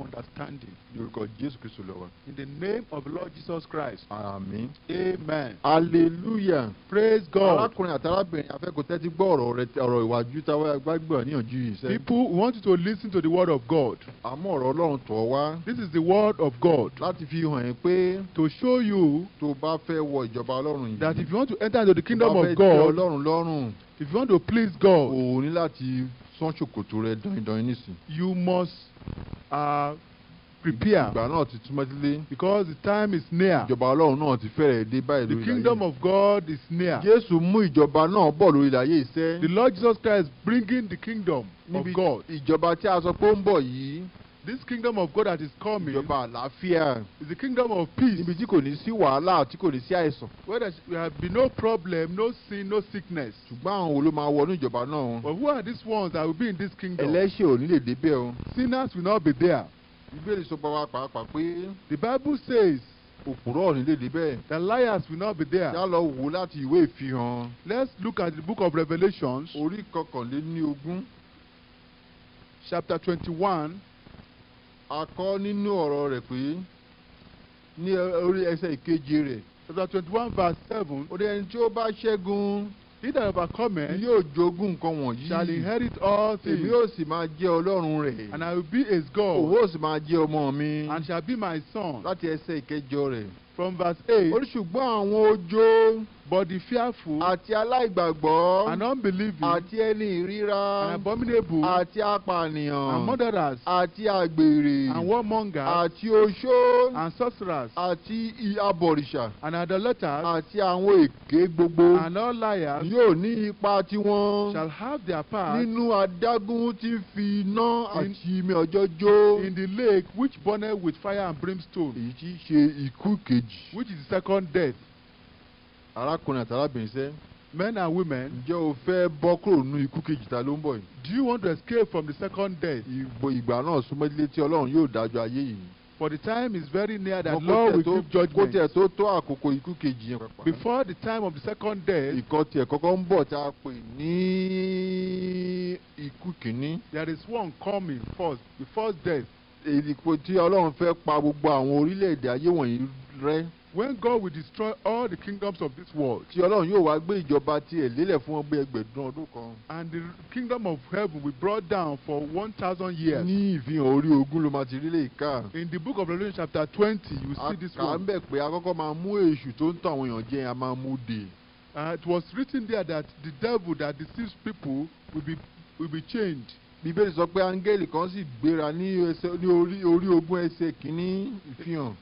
understanding lórúkọ Jésù Jesus Christ. in the name of Lord Jesus Christ. Amen. amen. hallelujah. praise God. people want you to listen to the word of God. this is the word of God. to show you. that if you want to enter into the kingdom of God. if you want to please God. sán ṣòkòtò rẹ dandan nísìn. you must uh, prepare. ìgbà náà ti túmọ̀ sílé. because the time is near. ìjọba ọlọ́run náà ti fẹ́rẹ̀ dé báyìí lórí ayé. the kingdom of God is near. Jésù mú ìjọba náà bọ̀ lórí ayé iṣẹ́. the Lord Jesus Christ is bringing the kingdom of God. níbi ìjọba tí a sọ pé ó ń bọ̀ yìí this kingdom of God that is coming. ìjọba àlàáfíà. is the kingdom of peace. níbi tí kò ní sí wàhálà tí kò ní sí àìsàn. where there will be no problem no sin no sickness. ṣùgbọ́n àwọn olóò máa wọnú ìjọba náà. but who are these ones that will be in this kingdom. ẹlẹ́ṣẹ̀ ò ní lè débẹ̀ o. sinners will not be there. ìbéèrè sọ pàápàá pé. the bible says òpùrọ̀ nílé níbẹ̀. the liars will not be there. yálọ wò láti ìwé ìfihàn. let's look at the book of Revelations. orí kọkànléní ogún. chapter twenty-one a kọ nínú ọ̀rọ̀ rẹ̀ pé ní orí ẹsẹ̀ ìkeje rẹ̀ chapter twenty one verse seven ó ẹni tí ó bá ṣẹ́gun he that overcometh yóò jogún nǹkan wọ̀nyí shall inherit all things èmi yóò sì máa jẹ́ ọlọ́run rẹ̀ and I will be his God òun sì máa jẹ́ ọmọ mi and shall be my son láti ẹsẹ̀ ìkẹjọ rẹ̀ from verse eight. ó ní ṣùgbọ́n àwọn ojo. but the fearful. àti aláìgbàgbọ́. and unbelieving. àti ẹni ìríra. and abominable. àti apànìyàn. and murderers. àti àgbèrè. and warmongers. àti oṣó. and sorcerers. àti abọ̀rìṣà. and idolaters. àti àwọn èké gbogbo. and all liars. yóò ní ipa tiwọn. shall have their part. nínú adágún tí fi iná àti omi ọjọ́ jó. in the lake which burneth with fire and brimstone. èyí tí ṣe ikú kejì ìkejì. which is the second death. arákùnrin àti arábìnrin sẹ́. men and women. ǹjẹ́ o fẹ́ bọ́ kúrò nínú ikú kejì ta ló ń bọ̀ yìí. do you want to escape from the second death. ìgbò ìgbà náà súnmọ́ tí ọlọ́run yóò dájọ́ ayé yìí. for the time is very near that Lord will give judgment. kó tiẹ̀ tó tó àkókò ikú kejì yẹn. before the time of the second death. ìkọ́ tiẹ̀ kọ́kọ́ ń bọ̀ tá a pè ní ikú kìíní. there is one coming first the first death. èdìpọ̀ tí ọlọ́run fẹ́ pa gbogbo àwọn orílẹ̀-èdè ayé wọ̀nyí rẹ. when God will destroy all the kingdoms of this world. tí ọlọ́run yóò wá gbé ìjọba tiẹ̀ lélẹ̀ fún ọgbẹ́ ẹgbẹ̀dún ọdún kan. and the kingdom of heaven will be brought down for one thousand years. ní ìfihàn orí ogún ló máa ti rí lè in the book of Revelation chapter twenty you see this one. a kà ń bẹ̀ pé akọ́kọ́ máa mú èṣù tó ń tàn àwọn èèyàn jẹ a máa mú dè. Uh, it was written there that the devil that deceives people will be will be changed. bíbélì sọ pé áńgẹ́lì kan sì gbéra ní orí ogún ẹsẹ̀ kìíní ìfihàn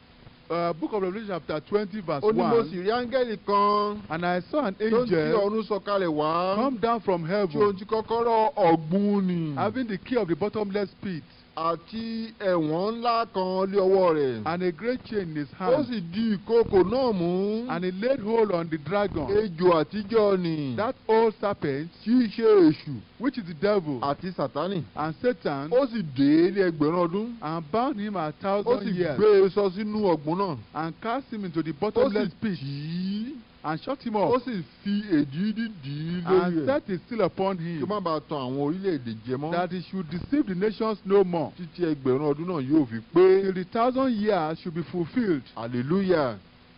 uh, book of Revelation chapter twenty verse one. ó ní mo sì rí áńgẹ́lì kan. and I saw an angel. tó ń ti ọ̀run sọ̀kalẹ̀ wá. come down from heaven. tí o ti kọ́kọ́rọ́ ọ̀gbun ni. having the key of the bottomless pit àti ẹ̀wọ̀n ńlá kan lé ọwọ́ rẹ̀. and a great chain in his hand. ó sì di ìkookò náà mú. and he laid hold on the dragon. ejò àtijọ́ ni. that old serpent. tí í ṣe èṣù. which is the devil. àti sátani. and satan. ó sì dè ní ẹgbẹ̀rún ọdún. and bound him a thousand years. ó sì gbé e sọ sínú ọ̀gbun náà. and cast him into the bottomless pit. ó sì tì í and shut him up. ó sì fi èdí dídì í lórí rẹ̀. and set his seal upon him. kí ó má bàa tan àwọn orílẹ̀-èdè jẹ mọ́. that he should deceive the nations no more. títí ẹgbẹ̀rún ọdún náà yóò fi pé. till the thousand years should be fulfilled. hallelujah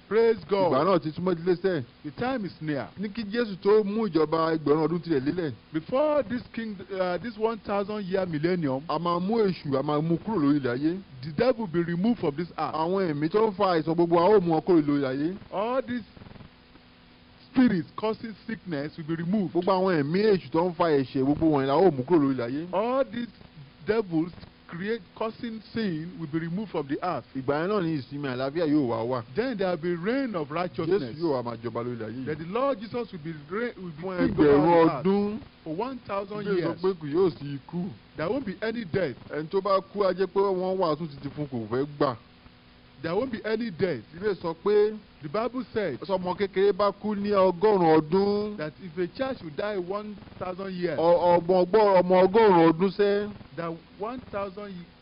praise God. ìgbà náà ti súnmọ́ ilé sẹ́ẹ̀. the time is near. ní kí Jésù tó mú ìjọba ẹgbẹ̀rún ọdún tirẹ̀ lélẹ̀. before this king uh, this one thousand year millennium. a máa mú èṣù a máa mú kúrò lórí ilẹ̀ ayé. the devil be removed from this earth. àwọn ẹ̀mí tó ń fa àìsàn gbogbo a ó mú wọn kúrò ilẹ̀ ayé. all these spirits causing sickness will be removed. gbogbo àwọn ẹ̀mí èṣù tó ń fa ẹ̀ṣẹ̀ gbogbo wọ̀nyí la ó mú kúrò lórí ayé. all these devils create causing sin will be removed from the earth. ìgbà yẹn náà ní ìsinmi àlàáfíà yóò wá wá. then there will be reign of righteousness. Jésù yóò wá máa jọba lórí ayé. that the Lord Jesus will be reign will be king over the earth. fún ọdún. for one thousand years. ilé sọ yóò sì kú. there won't be any death. ẹni tó bá kú ajẹ́ pé wọ́n wàásù títí fún kò fẹ́ gbà there won't be any death. Ìwé sọ pé the bible said. Sọmọ kékeré bá kú ní ọgọ́rùn-ún ọdún. That if a child should die one thousand years. Ọmọ ọgọ́rùn-ún ọdún sẹ́. That one thousand years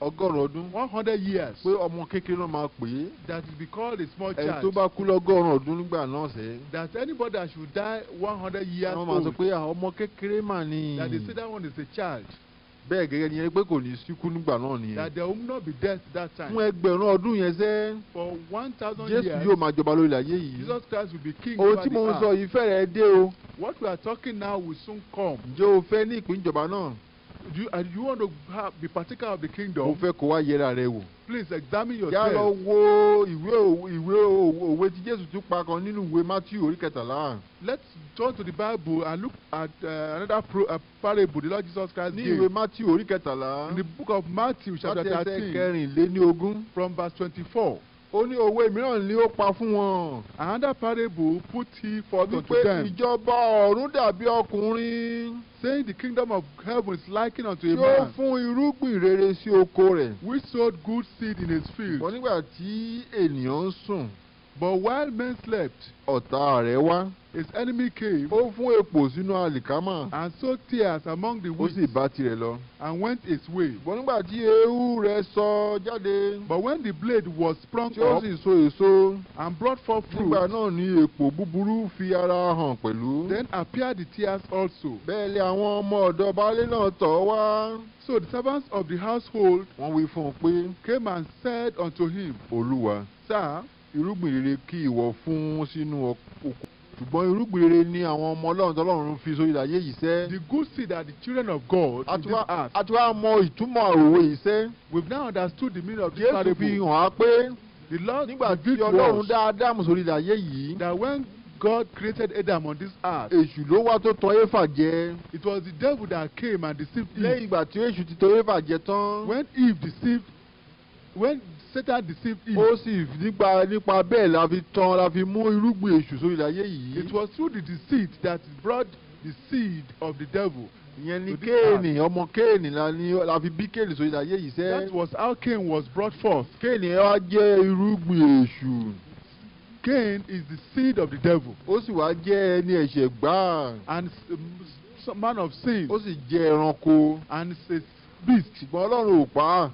ọgọ́rùn-ún ọdún. one hundred years. pé ọmọ kékeré náà máa pè é. that is because a small child. ẹni tó bá kú lọ́gọ́rùn-ún ọdún nígbà náà sẹ́. that anybody that should die one hundred years old. wọ́n máa sọ pé ah, ọmọ kékeré mà ni. that they say that one is a child bẹ́ẹ̀ gẹ́gẹ́ ni yẹn pé kò ní síkú nígbà náà nìyẹn. that there will not be death that time. fún ẹgbẹ̀rún ọdún yẹn sẹ́. for one thousand years Jésù yóò máa jọba lórí ayé yìí. Jesus Christ will be king over the earth. ohun tí mo ń sọ yìí fẹ́rẹ̀ẹ́ dé o. what we are talking now will soon come. ǹjẹ́ o fẹ́ ní ìpín ìjọba náà. do you, and you want to have, be partaker of the kingdom. mo fẹ́ kó wá yẹra rẹ wò. please examine yourself. wo ìwé ìwé òwe tí jésù tún pa kan nínú ìwé matthew orí kẹtàlá. let's turn to the bible and look at uh, another pro, uh, parable the lord jesus christ gave. ní ìwé matthew orí kẹtàlá. in the book of matthew chapter thirteen. ogún. from verse twenty-four. ó ní òwe mìíràn ni ó pa fún wọn. another parable put he for unto them. wípé ìjọba ọ̀run dàbí ọkùnrin. saying the kingdom of heaven is likened unto a man. tí ó fún irúgbìn rere sí oko rẹ̀. which sowed good seed in his field. wọ́n nígbà tí ènìyàn ń sùn. But while men slept, ọ̀tá rẹ̀ wá. His enemy came. Ó fún èpò sínú àlìkámà. And sowed tears among the wheat. Ó sì bá tirẹ̀ lọ. And went his way. Bọ̀ nígbà tí eérú rẹ̀ sọ jáde. But when the blade was sprung up. tí ó sì so èso. And brought forth fruit. Nígbà náà ni èpò búburú fi ara hàn pẹ̀lú. Then appeared the tears also. Bẹ́ẹ̀ lé àwọn ọmọ ọ̀dọ̀ baálé náà tọ̀ wá. So the servants of the household. Wọ́n wí fún un pé. Came and said unto him. Olúwa. Sir irúgbìn rere kí ìwọ fún sínú oko ṣùgbọ́n irúgbìn rere ni àwọn ọmọ ọlọ́run tọ́lọ́run fi sórí ìdáyé yìí sẹ́. the good seed are the children of God in this earth. a ti wá mọ ìtumọ̀ òwe yìí sẹ́. we have now understood the meaning of this parable. Jésù fi hàn á pé the Lord nígbà tí ọlọ́run dá Ádámù sórí ìdáyé yìí. that when God created Adam on this earth. Èṣù ló wá tó tọ Éfà jẹ. It was the devil that came and deceived Eve. Lẹ́yìn ìgbà tí Èṣù ti tọ Éfà jẹ tán. When Eve deceived when Satan deceived him. ó sì nípa nípa bẹ́ẹ̀ la fi tán la fi mú irúgbìn èṣù sórí ayé yìí. it was through the deceit that brought the seed of the devil ìyẹn ni kéènì ọmọ kéènì la ni la fi bí kéènì sórí ayé yìí sẹ́. that was how Cain was brought forth. kéènì ẹ wá jẹ́ irúgbìn èṣù. Cain is the seed of the devil. ó sì wá jẹ́ ẹni ẹ̀ṣẹ̀ gbáà. and um, man of sin. ó sì jẹ́ ẹranko. and a beast. ṣùgbọ́n Ọlọ́run ò pa á.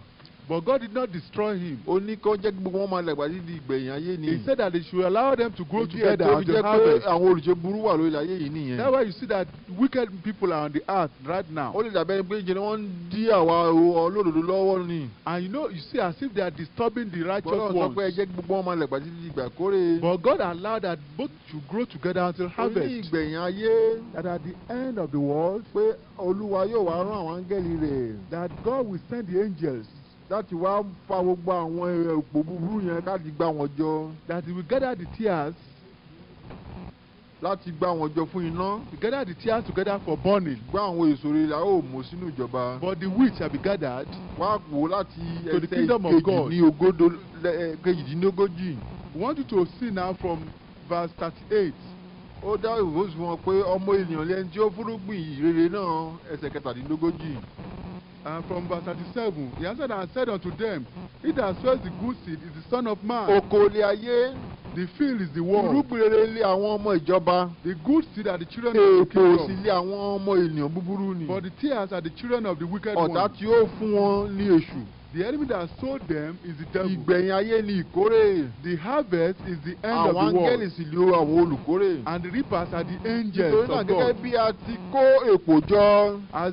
But God did not destroy him. ó ní kó jẹ́ gbogbo wọn máa lẹ̀gbà títí ìgbẹ̀yìn ayé ni. He said that they should allow them to grow together and to harvest. àwọn olùṣe burú wà lórí ayé yìí nìyẹn. That's why you see that wicked people are on the earth right now. ó lè dàbẹ́ pé jẹ́ wọ́n ń dí àwa olódodo lọ́wọ́ ni. And you know you see as if they are disturbing the righteous ones. bọ́lá ọ̀sán pé ẹ gbogbo wọn máa lẹ̀gbà títí ìgbà kórè. But God allowed that both should grow together until harvest. ó ní ìgbẹ̀yìn ayé. That at the end of the world. pé Olúwa yóò wá rán àwọn áńgẹ́lì rẹ̀. That God will send the angels láti wá fa gbogbo àwọn òpó búburú yẹn láti gbá wọn jọ. that we gather the tears. láti gbá wọn jọ fún iná. we gather the tears together for burning. gbá àwọn èso rere ó mú sínú ìjọba. but the wheat shall be gathered. wá wò láti ẹsẹ̀ kejìdínlógójì. kejìdínlógójì. we want you to see now from verse thirty-eight ó dá ìwòsàn wọn pé ọmọ ènìyàn lẹni tí ó fúrúgbìn ìrere náà ẹsẹ̀ kẹtàdínlógójì and from verse thirty-seven he answered and said unto them he that sows the good seed is the son of man. oko ayé. the field is the world. irúgbìn ilé àwọn ọmọ ìjọba. the good seed are the children of the kingdom. èpò sì ilé àwọn ọmọ ènìyàn búburú ni. but the tears are the children of the wicked one. ọ̀tá tí ó fún wọn ní èṣù. The enemy that sold them is the devil. Ìgbẹ̀yìn ayé ni ìkórè. The harvest is the end of the world. Àwọn angẹ́lì sì lé àwọn olùkórè. And the reapers are the angels of God. Nítorí náà gẹ́gẹ́ bí a ti kó èpò jọ. As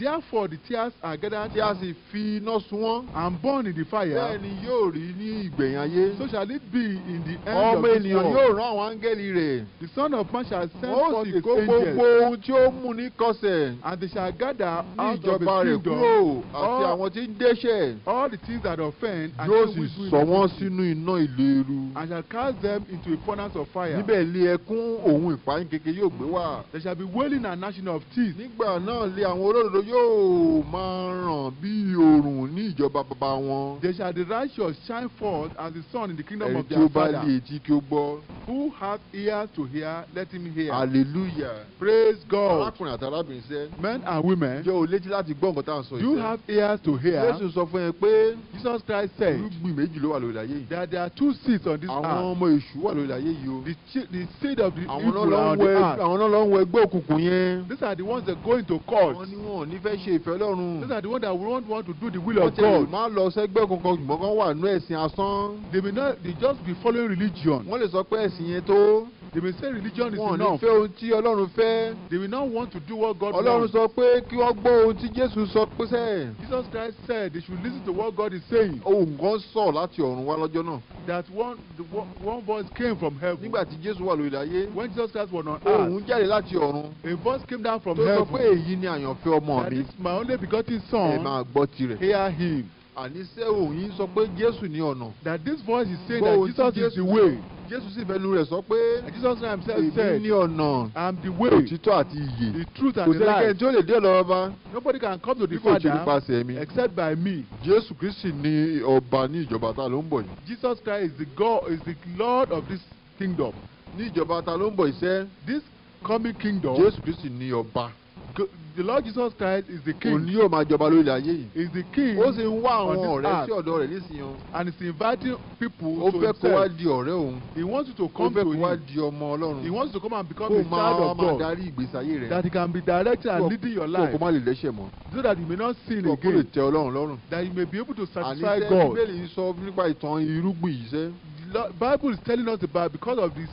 therefore the tears are gathered. tí a sì fi iná and born in the fire. bẹ́ẹ̀ yóò rí ní ìgbẹ̀yìn ayé. so shall it be in the end of this world. ọmọ ènìyàn yóò rán àwọn áńgẹ́lì rẹ̀. the son of man shall send forth his angels. ó kó gbogbo ohun tí ó mú ní kọsẹ̀. and they shall gather out of his kingdom. ní ìjọba rẹ̀ kúrò àti àwọn tí ń dẹ́ṣẹ̀. all the things that offend. yóò sì sọ wọ́n sínú iná ìléru. and shall cast them into a furnace of fire. níbẹ̀ lé ẹkún òun ìpayín kékeré yóò gbé wá. there shall be wailing and gnashing of teeth. nígbà náà lé àwọn olódodo yóò máa ràn bí òòrùn ní ìjọba bàbá wọn. They shall the righteous shine forth as the sun in the kingdom of their father. ẹni tí ó bá lè etí kí ó gbọ́ who have ears to hear let him hear. hallelujah praise God. arákùnrin àti arábìnrin sẹ́. men and women. jẹ́ o létí láti gbọ́ nǹkan tá à sọ yìí. you have ears to hear. Jésù sọ fún yẹn pé. Jesus Christ said. irúgbìn méjì ló wà lórí ayé yìí. that there are two seeds on this earth. àwọn ọmọ èṣù wà lórí ayé yìí o. the seed of the evil on the earth. àwọn náà ló ń wọ ẹgbẹ́ òkùnkùn yẹn. these are the ones that go into court. wọ́n ní wọn ò ní fẹ́ ṣe ìfẹ́ Ọlọ́run. these are the ones that won't want to do the will of God. wọ́n lọ sẹ́gbẹ́ kankan ṣùgbọ́n wà nú ẹ̀sìn asán yẹn tó. they will say religion is enough. wọn ò ní fẹ́ ohun tí ọlọ́run fẹ́. they will not want to do what God wants. ọlọ́run sọ pé kí wọ́n gbọ́ ohun tí jésù sọ pé sẹ́. Jesus Christ said they should listen to what God is saying. ohùn kan sọ láti ọ̀run wá lọ́jọ́ náà. that one the one voice came from heaven. nígbà tí jésù wà lórí ayé. when Jesus Christ was on earth. ohùn jáde láti ọ̀run. a voice came down from heaven. tó sọ pé èyí ni àyànfẹ́ ọmọ mi. that is my only begotten son. ẹ máa gbọ́ tirẹ̀. hear him àníṣe òyìn sọ pé Jésù ni ọ̀nà. that this voice is saying that Jesus, is the way. Jésù sì fẹnu rẹ̀ sọ pé Jesus himself said èmi ni ọ̀nà I am the way òtítọ́ àti ìyè the truth and the life kò sẹ́ni kẹ́ni tí ó lè dé ọ̀dọ̀ ọba nobody can come to the Father except by me. Jésù Kristi ni ọba ní ìjọba ta ló ń bọ̀ yìí. Jesus Christ is the God is the Lord of this kingdom. ní ìjọba ta ló ń bọ̀ yìí sẹ́. this coming kingdom. Jésù Kristi ni ọba the Lord Jesus Christ is the king. òun yóò máa jọba lórí ilẹ̀ ayé yìí. is the king ó sì ń wá àwọn ọ̀rẹ́ sí ọ̀dọ̀ rẹ̀ nísìnyàn. and he is inviting people to himself. ó fẹ́ kó wá di ọ̀rẹ́ òun. he wants you to come to him. ó fẹ́ kó wá di ọmọ Ọlọ́run. he wants you to come and become a child of God. kó máa darí ìgbésí ayé rẹ̀. that he can be directing and leading your life. kó má lè lẹ́sẹ̀ mọ́. so that you may not sin again. kó lè tẹ́ Ọlọ́run lọ́rùn. that you may be able to satisfy God. àní sẹ́ Bíbélì sọ nípa ìtàn irúgbìn yìí sẹ́. Bible is telling us about because of this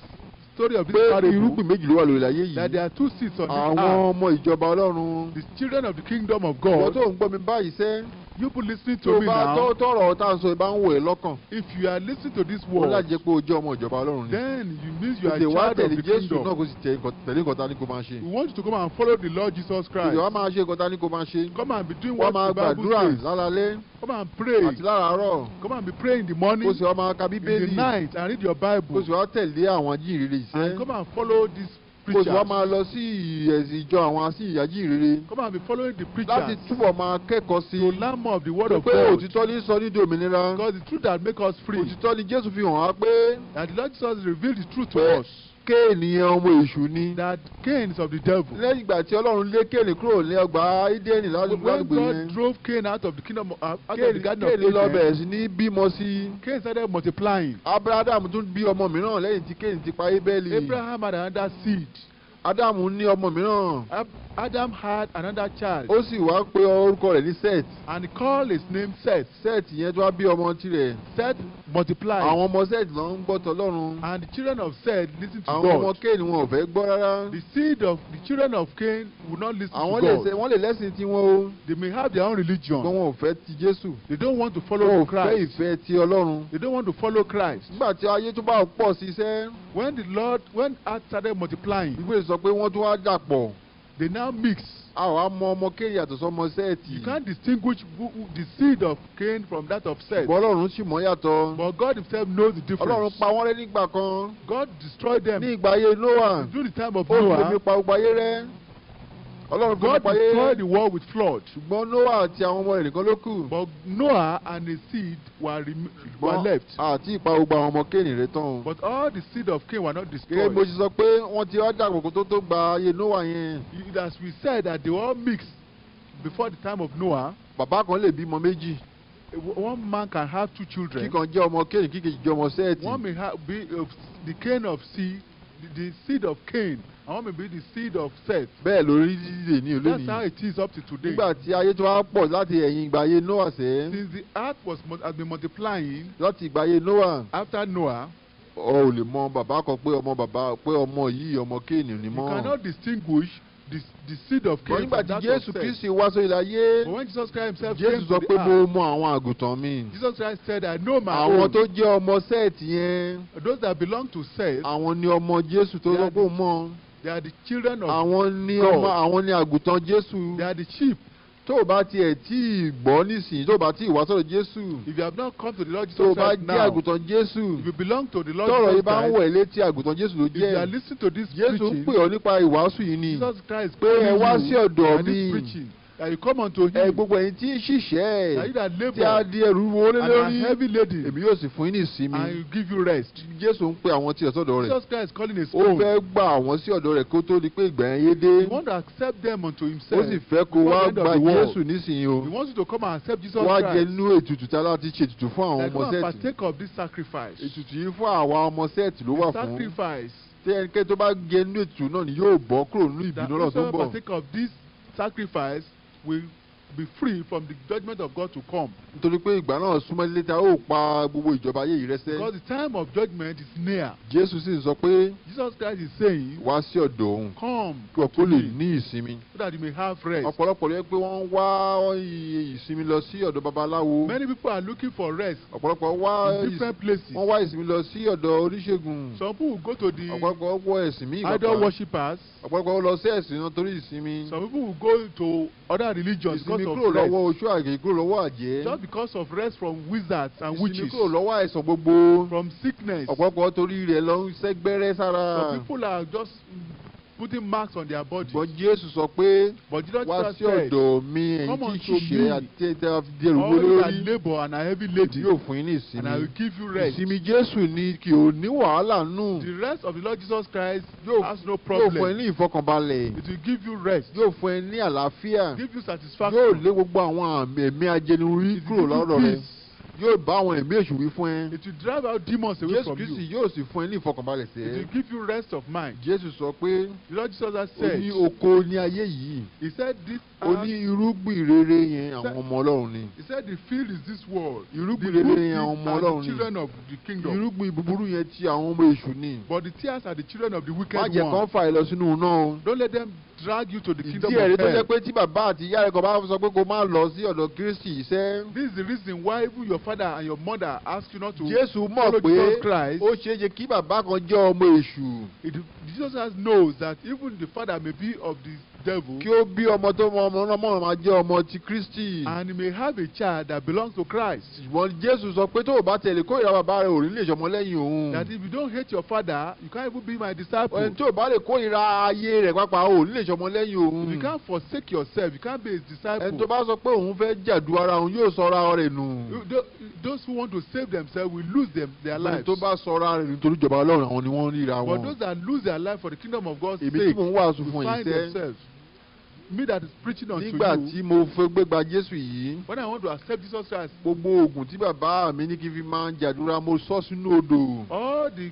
story of this parable. pé irúgbìn méjì ló wà lórí ayé yìí. that there are two seeds on this earth. àwọn ọmọ ìjọba ọlọ́run. the children of the kingdom of God. ìwọ tó ń gbọ́ mi báyìí sẹ́ you be listening to me now. tó bá tọrọ tá sọ ìbá ń wò ẹ lọ́kàn. if you are listening to this word. ó lájẹ pé o jẹ́ ọmọ ìjọba Ọlọ́run ni. then you mean you are a child of the kingdom. tètè tẹ̀lé Jésù náà kó sì tẹ̀lé nǹkan tá ní máa ṣe. we want you to come and follow the Lord Jesus Christ. tètè máa ṣe nǹkan tá ní máa ṣe. come and be doing what the Bible says. wá máa gbàdúrà lálálẹ́. come and pray. àti láràárọ̀. come and be praying in the morning. kó sì wá máa ka Bíbélì. in the night and read your Bible. kó sì wá tẹ̀lé àwọn jíǹrere come and follow this preacher. kò sì wá máa lọ sí ẹ̀sìn ìjọ àwọn sí ìyájí ìrere. come and be following the preacher. láti túbọ̀ máa kẹ́kọ̀ọ́ sí. to learn more of the word of God. pé òtítọ́ ní sọ ní di òmìnira. because the truth that make us free. òtítọ́ ni Jésù fi hàn wá pé. and the Lord Jesus revealed the truth to us kéènì ọmọ èṣù ni. that Cain is of the devil. lẹ́yìn ìgbà tí ọlọ́run lé kéènì kúrò ní ọgbà ídẹ́nì ládùúgbò yẹn. when God drove Cain out of the kingdom of, out Cain, of the garden of Eden. kéènì lọ bẹ̀rẹ̀ sí ní bímọ sí. Cain started multiplying. Abraham tún bí ọmọ mìíràn lẹ́yìn tí Cain ti pa Abẹ́lì. Abraham had another seed. Adam ní ọmọ mìíràn. Adam had another child. Ó sì wá pe orúkọ rẹ̀ ní Seth. and he called his name Seth. Seth yẹn tó wá bí ọmọ tirẹ̀. Seth multiply. àwọn ọmọ Seth ló ń gbọ́ tọlọ́run. and the children of Seth listen to God. àwọn ọmọ Cain wọn ò fẹ́ gbọ́ rárá. the seed of the children of Cain will not listen àwọn to God. àwọn wọ́n lè lẹ́sìn tiwọn o. they may have their own religion. pé ò fẹ́ ti Jésù. they don't want to follow wọn Christ. wọn ò fẹ́ ìfẹ́ ti Ọlọ́run. they don't want to follow Christ. nígbà tí ayé tó bá pọ̀ sí iṣẹ́. when the Lord when earth started multiplying. ìwé sọ pé wọ́n tún wá dàpọ̀. they now mix àwa mọ ọmọ kéré yàtọ̀ sọmọ sẹ́ẹ̀tì. you can't distinguish the seed of Cain from that of Seth. bọ́ ọlọ́run sì mọ̀ yàtọ̀. but God himself knows the difference. ọlọ́run pa wọ́n rẹ́ nígbà kan. God destroyed them. ní ìgbà ayé Noah. during the time of Noah. ó fi omi pa gbogbo ayé rẹ́ ọlọ́run kò nípa yé God destroyed the world with flood. ṣùgbọ́n Noah àti àwọn ọmọ rẹ̀ nìkan ló kù. but Noah and his seed were, were left. àti ìpa gbogbo àwọn ọmọ Kéènì rẹ̀ tán. but all the seed of Cain were not destroyed. gẹ́gẹ́ ṣe sọ pé wọ́n ti wá dàgbò kó tó tó gba ayé Noah yẹn. as we said that they were all mixed before the time of Noah. bàbá kan lè bímọ méjì one man can have two children. kíkan jẹ́ ọmọ Kéènì kíkejì jẹ́ ọmọ Séètì. one may have be of uh, the Cain of seed the seed of Cain àwọn mi be the seed of Seth. bẹ́ẹ̀ lórí dídè ní olónìí. that's how it is up to today. nígbà tí ayé tí wàá pọ̀ láti ẹ̀yìn ìgbà ayé Noah sẹ́. since the earth was has been multiplying. láti ìgbà ayé Noah. after Noah o ò lè mọ bàbá kan pé ọmọ bàbá pé ọmọ yìí ọmọ kéènì ni mọ. you cannot distinguish the seed of Cain. nígbà tí Jésù Kristi wá sórí ayé. but when Jesus Christ himself Jesus came to the earth. Jésù sọ pé mo mọ àwọn àgùntàn mi. Jesus Christ said I know my own. àwọn tó jẹ́ ọmọ Sẹ́ẹ̀tì yẹn. those that belong to Sẹ́ẹ̀tì. àwọn ni ọmọ Jésù tó sọ pé ó mọ. they are the children of God. àwọn ni ọmọ àwọn ni àgùntàn Jésù. they are the sheep tó o bá tiẹ̀ tí ì gbọ́ nísìnyí tó o bá tí ì wá sọ́dọ̀ Jésù. if you have not come to the Lord Jesus Christ now. tó o bá jẹ́ àgùntàn Jésù. if you belong to the Lord Jesus Christ. tọrọ yìí bá ń wọ̀ létí àgùntàn Jésù ló jẹ́. if you are listening to this preaching. Jésù ń pè ọ́ nípa ìwàásù yìí ni. Jesus Christ pé ẹ wá sí ọ̀dọ̀ mi that you come unto him. ẹ gbogbo ẹ̀yin tí ń ṣiṣẹ́ ẹ̀ tí a di ẹrù wo lórí and a heavy lady. èmi yóò sì fún yín ní ìsinmi. and he will give you rest. Jésù ń pe àwọn tí ọ̀sọ́dọ̀ rẹ̀. Jesus Christ calling his own. ó fẹ́ gba àwọn sí ọ̀dọ̀ rẹ̀ kó tó di pé ìgbà yẹn yé dé. he want to accept them unto himself. ó sì fẹ́ kó wá gba Jésù nísìnyí o. he wants you to come and accept Jesus Christ. wá jẹ nínú ètùtù tá a láti ṣe ètùtù fún àwọn ọmọ this sacrifice. sacrifice tí ẹnikẹ́ni tó bá gẹ nínú ètùtù náà ni yóò bọ́ kúrò nínú ìbínú ọ̀rọ̀ tó ń bọ̀. that person partake of this sacrifice we be free from the judgment of God to come. nítorí pé ìgbà náà súnmọ́ létà ó pa gbogbo ìjọba ayé yìí rẹ́sẹ́. because the time of judgment is near. Jésù sì sọ pé. Jesus Christ is saying. wá sí ọ̀dọ̀ òun. come to me. kí o lè ní ìsinmi. so that you may have rest. ọ̀pọ̀lọpọ̀ ló yẹ pé wọ́n ń wá ìsinmi lọ sí ọ̀dọ̀ babaláwo. many people are looking for rest. ọ̀pọ̀lọpọ̀ wá in different places. wọ́n wá ìsinmi lọ sí ọ̀dọ̀ oníṣègùn. some people go to the. ọ̀pọ̀lọpọ̀ wọ ẹ̀sìn idol worshippers. ẹ̀sìn náà some people go to other religions kúrò lọ́wọ́ oṣù àgbèrè kúrò lọ́wọ́ àjẹ́. just because of rest from wizards and witches. ìsinmi kúrò lọ́wọ́ àìsàn gbogbo. from sickness. ọ̀pọ̀pọ̀ torí rẹ̀ lọ sẹ́gbẹ́rẹ́ sára. some people are just putting marks on their bodies. but Jesus sọ pé wá sí ọ̀dọ̀ mi ẹ̀yin tí ṣiṣẹ́ àti ẹ̀dẹ̀rù lórí yóò fún yín ní ìsinmi ìsinmi Jésù ni kì ó ní wàhálà nù. the rest of the Lord Jesus Christ yóò, has no problem. yóò fún ẹ ní ìfọkànbalẹ̀. it will give you rest. yóò fún ẹ ní àlàáfíà. give you satisfaction. yóò lé gbogbo àwọn àmì ẹ̀mí ajẹnirun rí kúrò lọ́rọ̀ rẹ. it will give you peace yóò bá àwọn ẹ̀mí èṣù wí fún ẹ. it will drive out demons away Jesus from Christi you. Jésù yóò sì fún ẹ ní ìfọkànbalẹ̀ sí ẹ. it will give you rest of mind. Jésù sọ pé. the Lord Jesus has said. ó ní oko ní ayé yìí. he said this earth. ní irúgbìn rere yẹn àwọn ọmọ Ọlọ́run ni. he said the field is this world. irúgbìn rere yẹn àwọn ọmọ Ọlọ́run ni. the children of the kingdom. irúgbìn búburú yẹn ti àwọn ọmọ èṣù ni. but the tears are the children of the wicked one. má fà ẹ lọ sínú náà don't let them drag you to the kingdom of hell. ìdí ẹ̀rí tó jẹ́ pé tí bàbá àti ìyá rẹ̀ kan bá sọ pé kó má lọ sí ọ̀dọ̀ Kristi iṣẹ́. this is the reason why even your father and your mother ask you not to Jésù mọ̀ pé ó ṣeé ṣe kí bàbá kan jẹ́ ọmọ èṣù. Jesus knows that even the father may be of the devil. kí ó bí ọmọ tó mọ ọmọ náà mọ̀ máa jẹ́ ọmọ ti Kristi. and he may have a child that belongs to Christ. ṣùgbọ́n Jésù sọ pé tó o bá tẹ̀lé kórìíra bàbá rẹ ò lè ṣọmọ lẹ́yìn òun. that if you don't hate your father you can't even be my disciple. ẹni tó o bá lè kórìíra ayé rẹ̀ pàápàá ò lè ṣọmọ lẹ́yìn òun. if you can't forsake yourself you can't be his disciple. ẹni tó bá sọ pé òun fẹ́ jàdù ara òun yóò sọra rẹ̀ nù. those who want to save themselves will lose them, their lives. ẹni tó bá sọra rẹ̀ nítorí ìjọba Ọlọ́run àwọn ni wọ́n ríra wọn. but those that lose their life for the kingdom of God's sake will find themselves. me that is preaching unto you. nígbà tí mo fẹ́ gbégbá Jésù yìí. when I want to accept Jesus Christ. gbogbo oògùn tí bàbá mi ní kí n fi máa ń jàdúrà mo sọ sínú odò. all the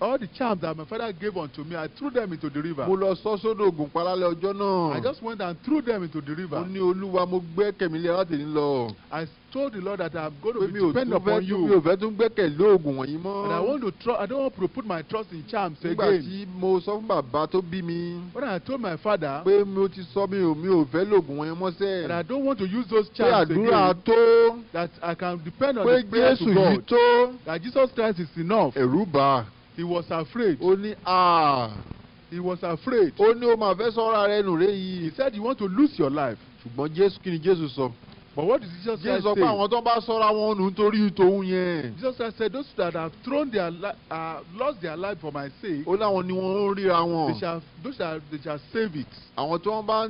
all the charms that my father gave unto me I threw them into the river. mo lọ sọ sódò ògùn paralẹ ọjọ́ náà. I just went and threw them into the river. mo ní olúwa mo gbẹ́kẹ̀mí lé látẹ̀lé lọ. I told the Lord that I'm going to be depend upon you. mi ò fẹ́ tún gbẹ́kẹ̀lé oògùn wọ̀nyí mọ́. and I want to trust I don't want to put my trust in charms again. nígbà tí mo sọ fún bàbá tó bí mi. when I told my father. pé mo ti sọ mi ò mi ò fẹ́ lóògùn wọ̀nyí mọ́ sẹ́. and I don't want to use those charms again. pé àdúrà tó. that I can depend on the prayer to God. pé Jésù yìí tó. that Jesus Christ is enough. ẹ̀rù bà. he was afraid. ó ní aah. he was afraid. ó ní o máa fẹ́ sọ́ra rẹ nù rẹ́ yìí. he said you want to lose your life. ṣùgbọ́n Jésù kí ni Jésù sọ. So. But what did Jesus Christ say? Jésù sọ àwọn tó bá sọ́ra wọn nù nítorí tòun yẹn. Jesus Christ said those that have thrown their life uh, lost their life for my sake. Ó láwọn ni wọ́n ń ríra wọn. They shall those that they shall save it. Àwọn tí wọ́n bá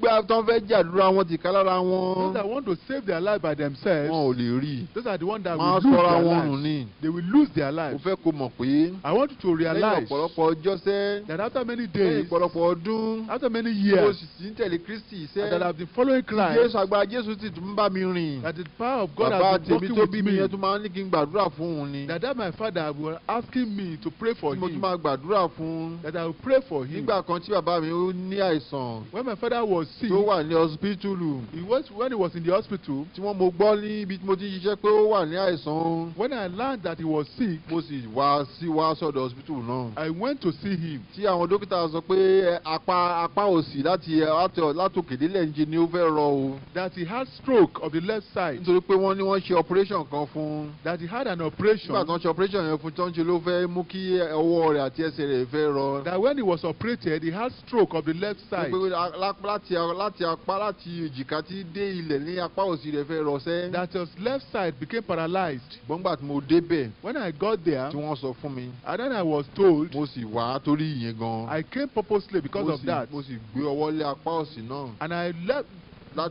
gbá tó ń fẹ́ jàdúrà wọn ti ká lára wọn. those that want to save their life by themselves. wọn ò lè rí. those are the ones that will lose their lives. máa sọra wọn nù ni. they will lose their lives. mo fẹ́ kó mọ̀ pé. I want you to realize. lẹ́yìn ọ̀pọ̀lọpọ̀ ọjọ́ sẹ́. that after many days. lẹ́yìn ọ̀pọ̀lọpọ̀ ọdún. after many years. mo sì ń tẹ̀lé Kristi sẹ́. that I have been following Christ. Jésù àgbà Jésù ti tún bá mi rìn. that the power of God Baba has been working with me. bàbá tèmi tó bí mi yẹn tún máa ń that that my father was asking me to pray for him. mo tún máa gbàdúrà fún. that I will pray for him. nígbà kan tí bàbá mi ó ní àìsàn. when my father was sick. tó wà ní hospital. he was when he was in the hospital. tí wọ́n mo gbọ́ ní ibi tí mo ti ń ṣiṣẹ́ pé ó wà ní àìsàn. when I learned that he was sick. mo sì wá sí wá sọ́dọ̀ hospital náà. I went to see him. tí àwọn dókítà sọ pé apá apá òsì láti látòkèdélẹ̀ ń jẹ ni ó fẹ́ rọ o. that he had stroke of the left side. nítorí pé wọ́n ní wọ́n ṣe operation kan fún. that he had an operation. nígbà tí wọ́n ṣe operation yẹn fún tọ́ńṣe ló fẹ́ mú kí ọwọ́ rẹ̀ àti ẹsẹ̀ rẹ̀ fẹ́ rọ. that when he was operated he had stroke of the left side. láti láti apá láti èjìká tí dé ilẹ̀ ní apá òsì rẹ̀ fẹ́ rọṣẹ́. that his left side became paralyzed. gbọ́ngbà tí mo débẹ̀. when I got there. tí wọ́n sọ fún mi. and then I was told. mo sì wá torí ìyẹn gan. I came purposely because of that. mo sì gbé ọwọ́ lé apá òsì náà. and I left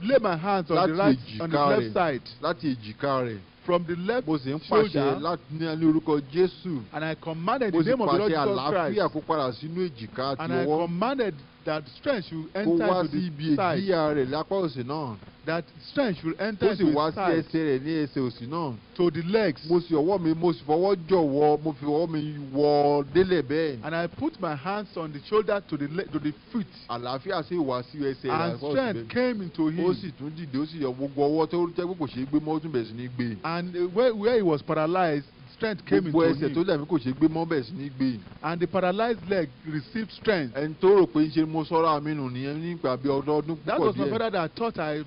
lay my hands on the right on the left side. láti èjìká rẹ̀ from the left mo sì ń pàṣẹ láti ní ẹni orúkọ jésù. and I commanded the name of the Lord Jesus Christ. mo sì pàṣẹ àlàáfíà kó padà sínú èjìká àti ọwọ́. and I commanded that strength should enter to the side. kó wá sí ibi ìdíyà lápá òsì náà. that strength should enter to the side. ó sì wá sí ẹsẹ̀ rẹ̀ ní ẹsẹ̀ òsì náà. to the legs. mo sì ọwọ́ mi mo sì fọwọ́ jọ̀wọ́ mo fi ọwọ́ mi wọ délẹ̀ bẹ́ẹ̀. and I put my hands on the shoulder to the leg to the feet. àlàáfíà sì wá sí ẹsẹ̀ rẹ̀ lápá òsì bẹ́ẹ̀. and strength came into him. ó sì tún dìde ó sì yọ gbogbo ọwọ́ tó jẹ́ pé kò ṣeé gbé mọ́ bẹ̀rẹ̀ sí ní gbé. and where where he was paralyzed strength came into him. gbogbo ẹsẹ̀ tó dàbí kò ṣe gbé mọ́ bẹ́ẹ̀ sí ní gbé yìí. and the paralyzed leg received strength. ẹni tó rò pé ṣe mo sọ́ra mi nù nìyẹn nígbà bí ọdọọdún púpọ̀ díẹ̀. that was my father that thought I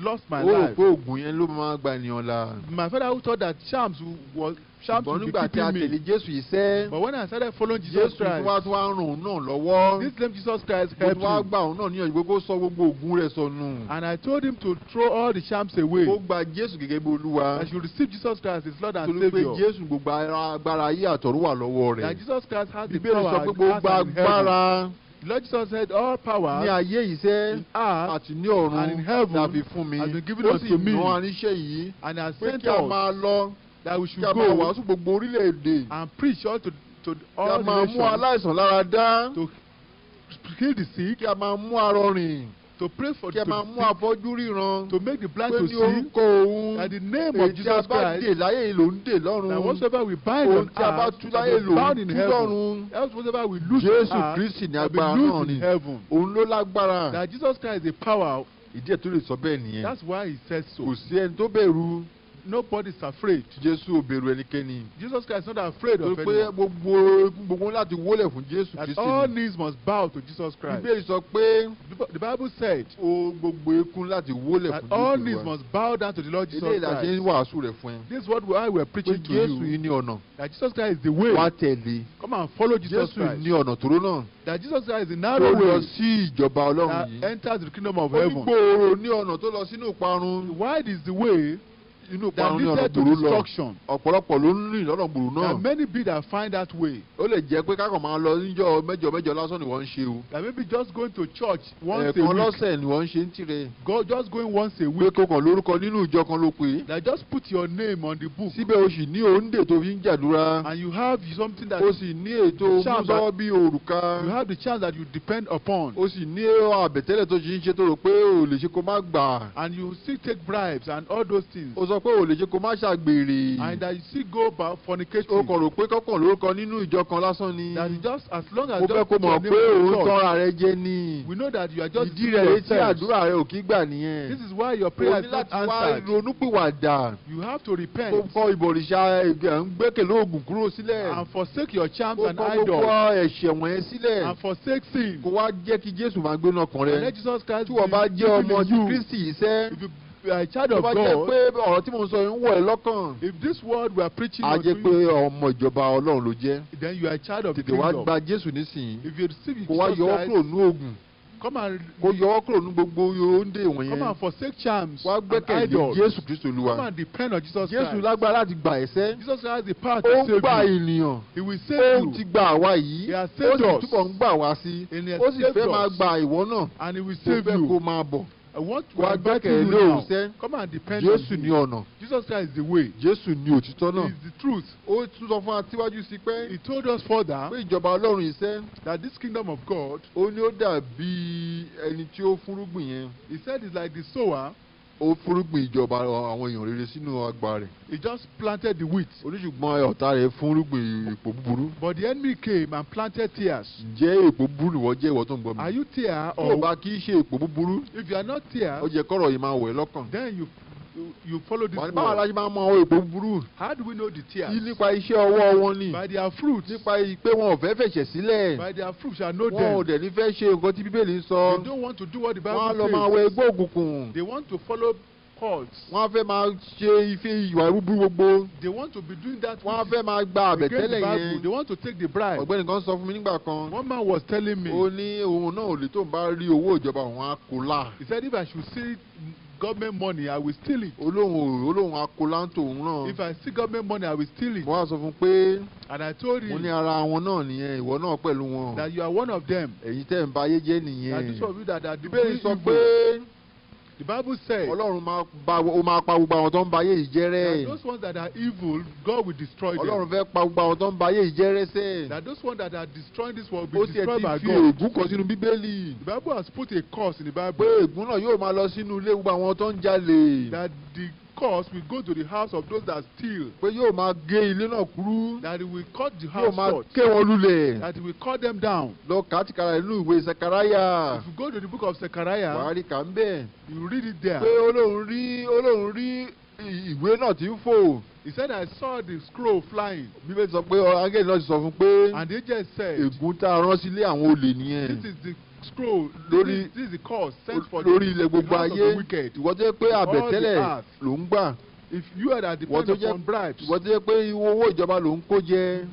lost my life. ó rò pé oògùn yẹn ló máa gba ènìyàn la. my father who thought that charms was sharp to the me. but when I started following Jesus Christ. Jésù wá tún wá ràn òun this name Jesus Christ helped me. mo tún wá gba òun náà níyànjú pé kó sọ gbogbo ògùn rẹ̀ sọnù. and I told him to throw all the charms away. ó gba Jésù gẹ́gẹ́ bí Olúwa. I should receive Jesus Christ as Lord and Savior. torí pé Jésù gbogbo agbára ayé àtọ̀run wà lọ́wọ́ rẹ̀. and Jesus Christ has the power as an heaven. The Lord Jesus said, All power ní ayé iṣẹ́ in earth àti ní and in heaven has been given unto me. Ó sì And has sent us. Pé kí that we should go. kí a gbogbo orílẹ̀-èdè. and preach all to to all the nations. kí a máa mú aláìsàn lára to heal the sick. kí a máa mú arọ to pray for the sick. to make the blind to see. pé that the name of Jesus Christ. that whatever we bind on earth. ohun tí a bá tú else whatsoever we lose on earth. Jésù Kristi ni agbára náà that Jesus Christ is the power. that's why he says so. kò sí ẹni tó bẹ̀rù. nobody is afraid. Jésù ò ẹnikẹ́ni. Jesus Christ is not afraid of anyone. pé gbogbo gbogbo láti wólẹ̀ fún Jésù Kristi. that all knees must bow to Jesus Christ. sọ pé. the bible said. o gbogbo ikún láti wólẹ̀ fún Jésù. that all knees must bow down to the Lord Jesus Christ. ilé ìlàjẹ́ wàásù rẹ̀ fún ẹ. this is what we are preaching to you. pé Jésù yìí ní ọ̀nà. that Jesus Christ is the way. wá tẹ̀lé. come and follow Jesus Christ. Jésù ní ọ̀nà tòró náà. that Jesus Christ is the narrow way. tó lọ sí ìjọba Ọlọ́run yìí. that enters the kingdom of heaven. ó ní ọ̀nà tó lọ sínú ìparun. wide is the way. inú parun ní ọ̀nà gbòòrò ọ̀pọ̀lọpọ̀ ló ń rìn lọ́nà gbòòrò náà. there many people that find that way. ó lè jẹ́ pé kákan máa lọ níjọ́ mẹ́jọ mẹ́jọ lásán ni wọ́n ń ṣe o. that maybe just going to church once a week. ẹ̀ẹ̀kan lọ́sẹ̀ ni wọ́n ń ṣe ń tirẹ̀. go just going once a week. pé kó lórúkọ nínú ìjọ kan ló pé. that just put your name on the book. síbẹ̀ o sì ní òǹdè tó fi ń jàdúrà. and you have something that. o sì ní ètò mọ́sọ́ bí òrùka. you have the chance that you depend upon. o sì ní àbẹ̀tẹ́lẹ̀ tó ṣe ń ṣe tó rò pé o lè ṣe kó má gbà. and you still take bribes and all those things. ó sọ pé o lè ṣe kó má ṣàgbèrè. and I you still go about fornicating. o kàn rò pé kọ́kàn lórúkọ nínú ìjọ kan lásán ni. that just as long as. o fẹ́ kó mọ̀ pé òun tọ́ra rẹ jẹ ni. we know that you are just. ìdí rẹ̀ létí àdúrà rẹ ò kí gbà nìyẹn. this is why your prayer is not answered. o ní láti wá ronúpìwàdà. you have to repent. o kọ ìbọ̀rìṣà gbẹ́kẹ̀lé òògùn kúrò sílẹ̀. and forsake your charms and idols. o kọ ẹ̀ṣẹ̀ wọ̀nyẹn sílẹ̀. and forsake sin. kó wá jẹ́ kí Jésù máa gbénu ọkàn rẹ. and let Jesus Christ be with you. tí wọ́n bá jẹ́ ọmọ Kristi iṣẹ́. if a uh, child of God. tó bá jẹ́ pé ọ̀rọ̀ tí mo sọ ń wọ̀ ẹ́ lọ́kàn. if this word we are preaching unto you. a jẹ́ pé ọmọ ìjọba Ọlọ́run ló jẹ́. then you are a child of the kingdom. tètè wá gba Jésù nísìnyí. if you receive Jesus Christ. kó wá yọ kúrò ní ogun come and. kó yọ ọ́ kúrò ní gbogbo yòóndé wọ̀nyẹn. come and forsake charms and idols. wá gbẹ́kẹ̀lé Jésù Kristo Olúwa. come and depend on Jesus Christ. Jésù lágbára láti gbà ẹ̀ṣẹ̀. Jesus Christ has the power to save you. ó gba ènìyàn. he will save you. ó ti gba àwa yìí. he has saved us. ó sì túbọ̀ ń gbà wá sí. and he has saved us. ó sì fẹ́ máa gba ìwọ náà. and he will save you. ó fẹ́ kó máa bọ̀. I want to agbẹ́kẹ̀lé òwúsẹ́ come and depend on me Jésù ní ọ̀nà Jesus Christ is the way Jésù ní òtítọ́ náà is the truth ó tún sọ fún atíwájú sí pé he told us further pé ìjọba Ọlọ́run iṣẹ́ that this kingdom of God ó ní ó dàbí ẹni tí ó fúnrúgbìn yẹn he said it's like the sower ó fúrúgbìn ìjọba àwọn èèyàn rere sínú àgbà rẹ̀. he just planted the wheat. oníṣùgbọ́n ọ̀tá rẹ̀ fúrúgbìn èpò búburú. but the enemy came and planted tears. jẹ́ èpò búburú ìwọ jẹ́ ìwọ tó ń gbọ́ mi. are you tear or. bí o bá kì í ṣe èpò búburú. if you are not tear. ó yẹ kọ́rọ̀ yìí máa wẹ̀ lọ́kàn. then you you follow this word. báwo la ṣe máa mọ àwọn èpò búburú. how do we know the tears. nípa iṣẹ́ ọwọ́ wọn ni. by their fruits. nípa pé wọn ò fẹ́ sílẹ̀. by their fruits I know them. wọn ò dẹ̀ ní fẹ́ ṣe nǹkan tí bíbélì ń sọ. they don't want to do what the Bible says. wọ́n á lọ máa wọ ẹgbẹ́ òkùnkùn. they want to follow cults. wọ́n á fẹ́ máa ṣe ife ìwà ìrúbú gbogbo. they want to be doing that. wọ́n á fẹ́ máa gba àbẹ̀tẹ́lẹ̀ yẹn. they want to take the bride. ọ̀gbẹ́ni kan sọ fún mi nígbà kan. one man was telling me. ó ní òun náà ò lè tó ń bá rí owó ìjọba òun á kó la. he said if I should see government money I will steal it. olóhùn olóhùn akolanto òun náà. if I see government money I will steal it. mo wá sọ fún un pé. and I told you mo ní ara wọn náà nìyẹn ìwọ náà pẹ̀lú wọn. that you are one of them. èyí tẹ́ ń ba ayé jẹ́ nìyẹn. na those of you that are doing ìbéèrè sọ pé. The Bible says. Ọlọ́run máa ba ó máa pa gbogbo àwọn tó ń ba ayé ìjẹ́rẹ́. That those ones that are evil, God will destroy them. Ọlọ́run fẹ́ pa gbogbo àwọn tó ń ba ayé ìjẹ́rẹ́ sẹ́. That those ones that are destroying this world will be destroyed by God. Ó ti ẹ̀ ti fi ògùn kan sínú Bíbélì. The Bible has put a curse in the Bible. Pé ègún náà yóò máa lọ sínú ilé gbogbo àwọn tó ń jalè. That the course we go to the house of those that steal. pé yóò máa gé ilé náà kúrú. that we cut the house short. yóò máa ké wọn lulẹ̀. that we cut them down. lọ kà inú ìwé if you go to the book of Sekaraya, wàá kà ń bẹ̀. you read it there. pé Ọlọ́hun rí Ọlọ́hun rí ìwé náà ti ń fò. He said, I saw the scroll flying. Bíbélì sọ pé náà ti sọ fún pé. And the angel said. Ègún tá a rán sílé àwọn olè nìyẹn. This is the scroll lórí lórí ilẹ̀ gbogbo ayé ìwọ tó yẹ pé àbẹ̀tẹ́lẹ̀ ló ń gbà ìwọ tó jẹ́ ìwọ tó yẹ pé owó ìjọba ló ń kó jẹ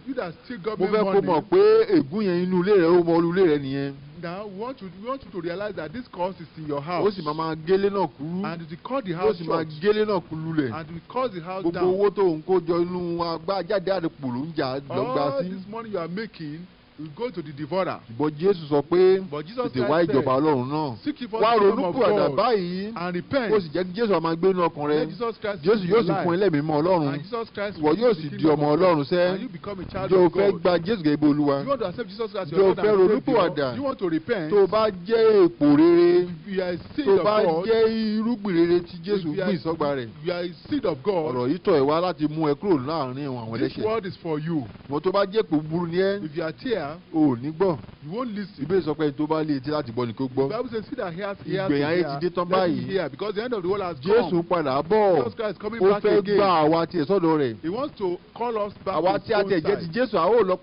mo fẹ́ kó mọ̀ pé ègún yẹn inú ilé rẹ̀ ó mọ olú ilé rẹ̀ nìyẹn. Now we want you want you to realize that this curse is in your house. ó sì máa máa gélé náà kúrú. and it call the house short. ó sì máa gélé náà kúrú lẹ̀. and it call the house down. gbogbo owó tó ń kó jọ inú agbájáde àdìpọ̀ ló ń jà lọ́gbà sí. all this money you are making we go to the devourer. but Jésù sọ pé tètè wá ìjọba Ọlọ́run náà wá ronúpìwàdà báyìí ó sì jẹ́ kí Jésù máa gbé inú ọkàn rẹ Jésù yóò sì fún ẹlẹ́mìí mọ́ Ọlọ́run ìwọ yóò sì di ọmọ Ọlọ́run sẹ́ jọ fẹ́ gba Jésù gẹ́gẹ́ bí Olúwa jọ fẹ́ ronúpìwàdà tó bá jẹ́ èpò rere tó bá jẹ́ irúgbìn rere tí Jésù gbìn sọ́gbà rẹ̀ ọ̀rọ̀ yìí tọ̀ ẹ̀ wá láti mú ẹ kúrò láàrin àwọn ẹlẹ́ṣẹ̀ wọ́n tó bá jẹ́ èpò búburú ni ẹ́ o ní gbọ́. you won't listen. ìbéèrè sọ pé tó bá lè ti láti gbọ́ ni kó gbọ́. the bible says he that hears hears to hear. ìgbẹ̀yìn ayé ti dé tán let him hear because the end of the world has come. jésù padà bọ̀. coming back again. ó fẹ́ gba àwa tiẹ̀ sọ́dọ̀ rẹ̀. he wants to call us back to his own side. àwa tí a tẹ̀ jẹ́ ti jésù àwọn ò lọ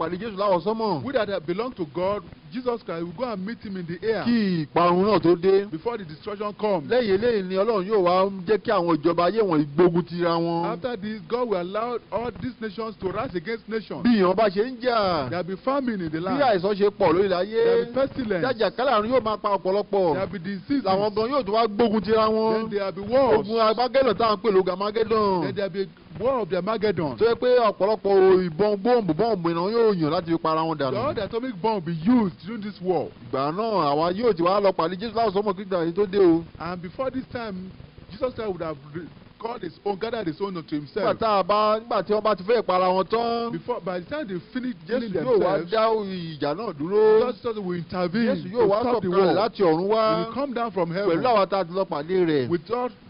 láwọ̀ sọ́mọ̀. we that belong to God Jesus Christ will go and meet him in the air. kí ìparun náà tó dé. before the destruction comes. lẹ́yìn eléyìí ni Ọlọ́run yóò wá jẹ́ kí àwọn ìjọba ayé wọn gbógun tira wọn. after this God will allow all these nations to rise against nations. bí ìyàn ṣe ń jà. there be famine in the land. bí àìsàn ṣe pọ̀ lórí ilẹ̀ ayé. there be pestilence. jájà kálá yóò máa pa ọ̀pọ̀lọpọ̀. there be disease. làwọn gan yóò tó wá gbógun tira wọn. then there be wars. ogun agbágẹ́dọ̀ táwọn pè lóga magẹ́dọ̀. then there be one of the Armageddon. tó yẹ pé ọ̀pọ̀lọpọ̀ ìbọn bọ́ọ̀mù bọ́ọ̀mù iná yóò yàn láti fi para wọn dànù. the atomic bomb be used during this war. ìgbà náà àwa yóò ti wá lọ pàdé Jésù láwùjọ ọmọ kristian yìí tó dé o. and before this time Jesus said would have called his own gathered his own unto himself. nígbà tá a bá nígbà tí wọ́n bá ti fẹ́ ìpara wọn tán. before by the time they finish killing themselves. Jésù yóò wá dá ìjà náà dúró. Jesus will intervene. Jésù yóò wá sọ̀kalẹ̀ láti ọ̀run wá. he will come down from heaven. pẹ̀lú àwọn tá a ti lọ pàdé rẹ̀. with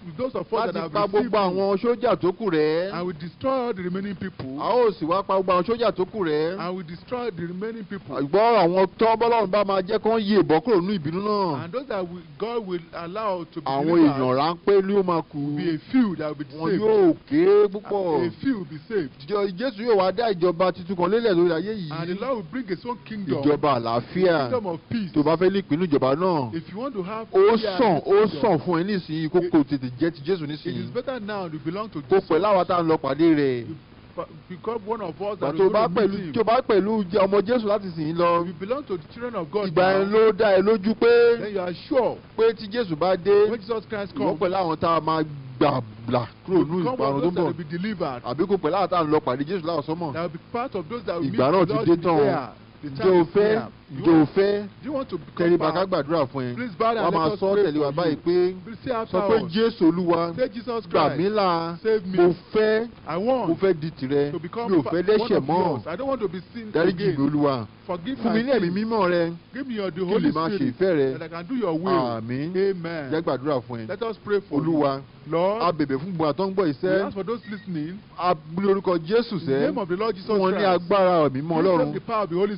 with those of us that have received láti pa gbogbo àwọn sójà tó kù rẹ́. I will destroy all the remaining people. a ó sì wá pa gbogbo àwọn sójà tó kù rẹ́. I will destroy the remaining people. àgbọ̀ àwọn tọ́ bọ́lọ́run bá máa jẹ́ kó ń yé ìbọ́ kúrò nínú ìbínú náà. and those that will, God will allow to be. àwọn èèyàn ráńpẹ́ ló máa kú. be a few that will be saved. wọn yóò ké púpọ̀. a few will be saved. Jésù yóò wá dá ìjọba tuntun kan lélẹ̀ lórí ayé yìí. and the Lord will bring his own kingdom. ìjọba àlàáfíà. kingdom of peace. tó bá fẹ́ lè if you want to have. ó sàn ó sàn fún ẹ nísìnyí kókó tètè jẹ́ ti Jésù nísìnyí. it is better now to belong to Jesus. kó pẹ̀lú àwọn tá à ń lọ pàdé rẹ̀. Become one of us that Tí o bá pẹ̀lú ọmọ Jésù láti sìn lọ. We belong to the children of God. Ìgbà yẹn ló dá ẹ lójú pé. Then you are sure. Pé tí Jésù bá dé. When Jesus Christ comes. Ìwọ pẹ̀lú àwọn tá a máa gbàgbà kúrò ní ìparun tó ń Àbí kò pẹ̀lú àwọn tá a ń lọ pàdé Jésù láwọ̀ sọ́mọ̀. That will be part of those that will meet the Ìgbà náà ti dé tán o. Ǹjẹ́ o fẹ́ jò fẹ́ tẹríba ká gbàdúrà fún ẹ wọ́n máa sọ tẹ̀lé wa báyìí pé sọ pé jésù olúwa gbà mí là mo fẹ́ mo fẹ́ di tìrẹ mi ò fẹ́ dẹ́ṣẹ̀ mọ́ dáríjì mi olúwa fún mi ní ẹ̀mí mímọ́ rẹ kí lè máa ṣe ìfẹ́ rẹ àmín jẹ́ gbàdúrà fún ẹ olúwa a bẹ̀bẹ̀ fún gbogbo àtọ́ngbọ̀ iṣẹ́ a gbé orúkọ jésù sẹ́ wọn ní agbára ẹ̀mí mímọ́ ọlọ́run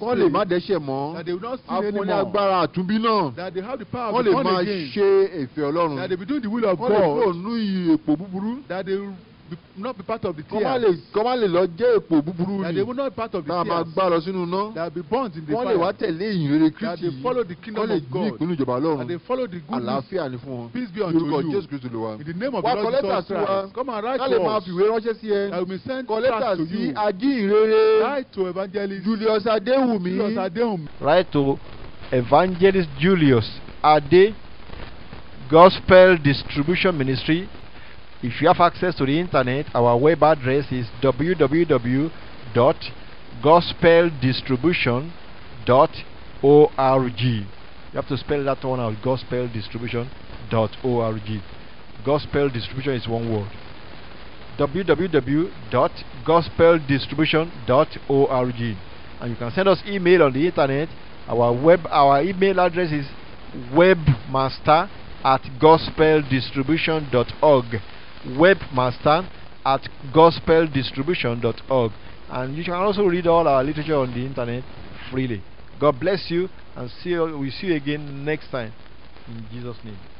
kọ́ lè má dẹ́ṣẹ̀ mọ́ that they not steal anymore. àfọ̀nì agbára àtúnbí náà. that they have the power to born wọ́n lè máa ṣe ìfẹ́ Ọlọ́run. that they be doing the will of God. wọ́n lè kó ònú ipò búburú. that they be, not be part of the tears. kọ́má lè kọ́má lè lọ jẹ́ èpò búburú ni. that they will not be part of the tears. náà máa gbá lọ sínú iná. that be burnt in the fire. wọ́n lè wá tẹ̀lé ìyìn Kristi. that they follow the kingdom of God. wọ́n lè ní ìpinnu ìjọba Ọlórun. and they follow the good news. àlàáfíà ni fún wọn. peace be unto you. orúkọ Jésù Kristi ló wà. in the name of the Lord Jesus Christ. come and write to us. kálí máa fìwé ránṣẹ́ sí ẹ. that we may send tracts to you. kọ́lẹ́tà sí ajínrere. write to evangelist. Julius Adéwùmí. Julius Adéwùmí. write to evangelist Julius Ade. Gospel Distribution Ministry If you have access to the internet, our web address is www.gospeldistribution.org. You have to spell that one out gospeldistribution.org. Gospel distribution is one word. www.gospeldistribution.org. And you can send us email on the internet. Our web our email address is webmaster at gospeldistribution.org webmaster at gospeldistribution.org. And you can also read all our literature on the internet freely. God bless you, and see you, we see you again next time. In Jesus' name.